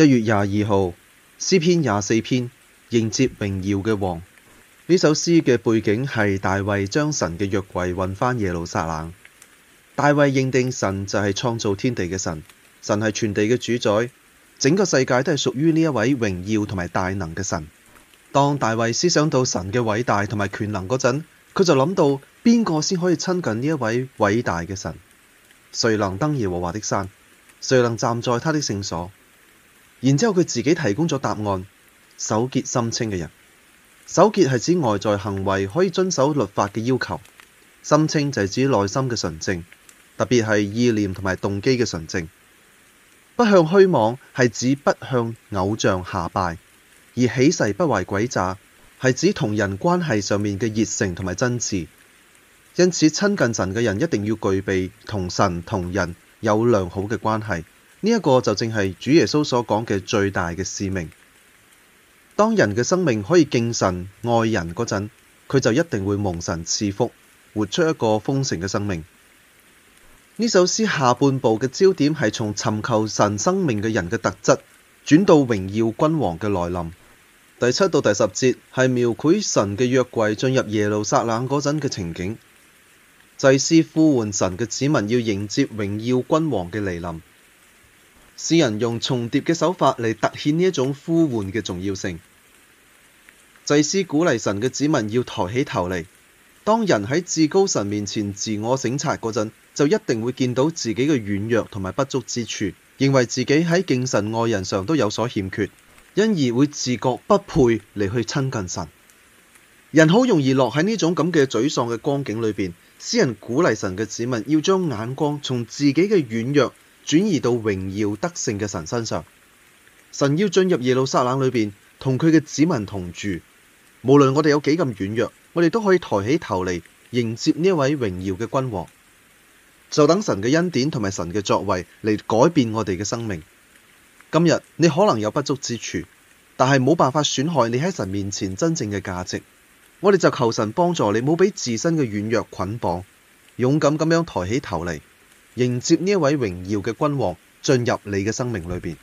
一月廿二號，詩篇廿四篇迎接榮耀嘅王。呢首詩嘅背景係大衛將神嘅約櫃運返耶路撒冷。大衛認定神就係創造天地嘅神，神係全地嘅主宰，整個世界都係屬於呢一位榮耀同埋大能嘅神。當大衛思想到神嘅偉大同埋權能嗰陣，佢就諗到邊個先可以親近呢一位偉大嘅神？誰能登耶和華的山？誰能站在他的聖所？然之後佢自己提供咗答案：手潔心清嘅人，手潔係指外在行為可以遵守律法嘅要求，心清就係指內心嘅純正，特別係意念同埋動機嘅純正。不向虛妄係指不向偶像下拜，而起誓不懷詭詐係指同人關係上面嘅熱誠同埋真摯。因此親近神嘅人一定要具備同神同人有良好嘅關係。呢一個就正係主耶穌所講嘅最大嘅使命。當人嘅生命可以敬神愛人嗰陣，佢就一定會蒙神賜福，活出一個豐盛嘅生命。呢首詩下半部嘅焦點係從尋求神生命嘅人嘅特質，轉到榮耀君王嘅來臨。第七到第十節係描繪神嘅約櫃進入耶路撒冷嗰陣嘅情景。祭司呼喚神嘅子民要迎接榮耀君王嘅嚟臨。詩人用重疊嘅手法嚟凸顯呢一種呼喚嘅重要性。祭司鼓勵神嘅子民要抬起頭嚟。當人喺至高神面前自我省察嗰陣，就一定會見到自己嘅軟弱同埋不足之處，認為自己喺敬神愛人上都有所欠缺，因而會自覺不配嚟去親近神。人好容易落喺呢種咁嘅沮喪嘅光景裏邊。詩人鼓勵神嘅子民要將眼光從自己嘅軟弱。轉移到榮耀得勝嘅神身上，神要進入耶路撒冷裏邊，同佢嘅子民同住。無論我哋有幾咁軟弱，我哋都可以抬起頭嚟迎接呢位榮耀嘅君王。就等神嘅恩典同埋神嘅作為嚟改變我哋嘅生命。今日你可能有不足之處，但係冇辦法損害你喺神面前真正嘅價值。我哋就求神幫助你，冇俾自身嘅軟弱捆綁，勇敢咁樣抬起頭嚟。迎接呢位榮耀嘅君王進入你嘅生命裏邊。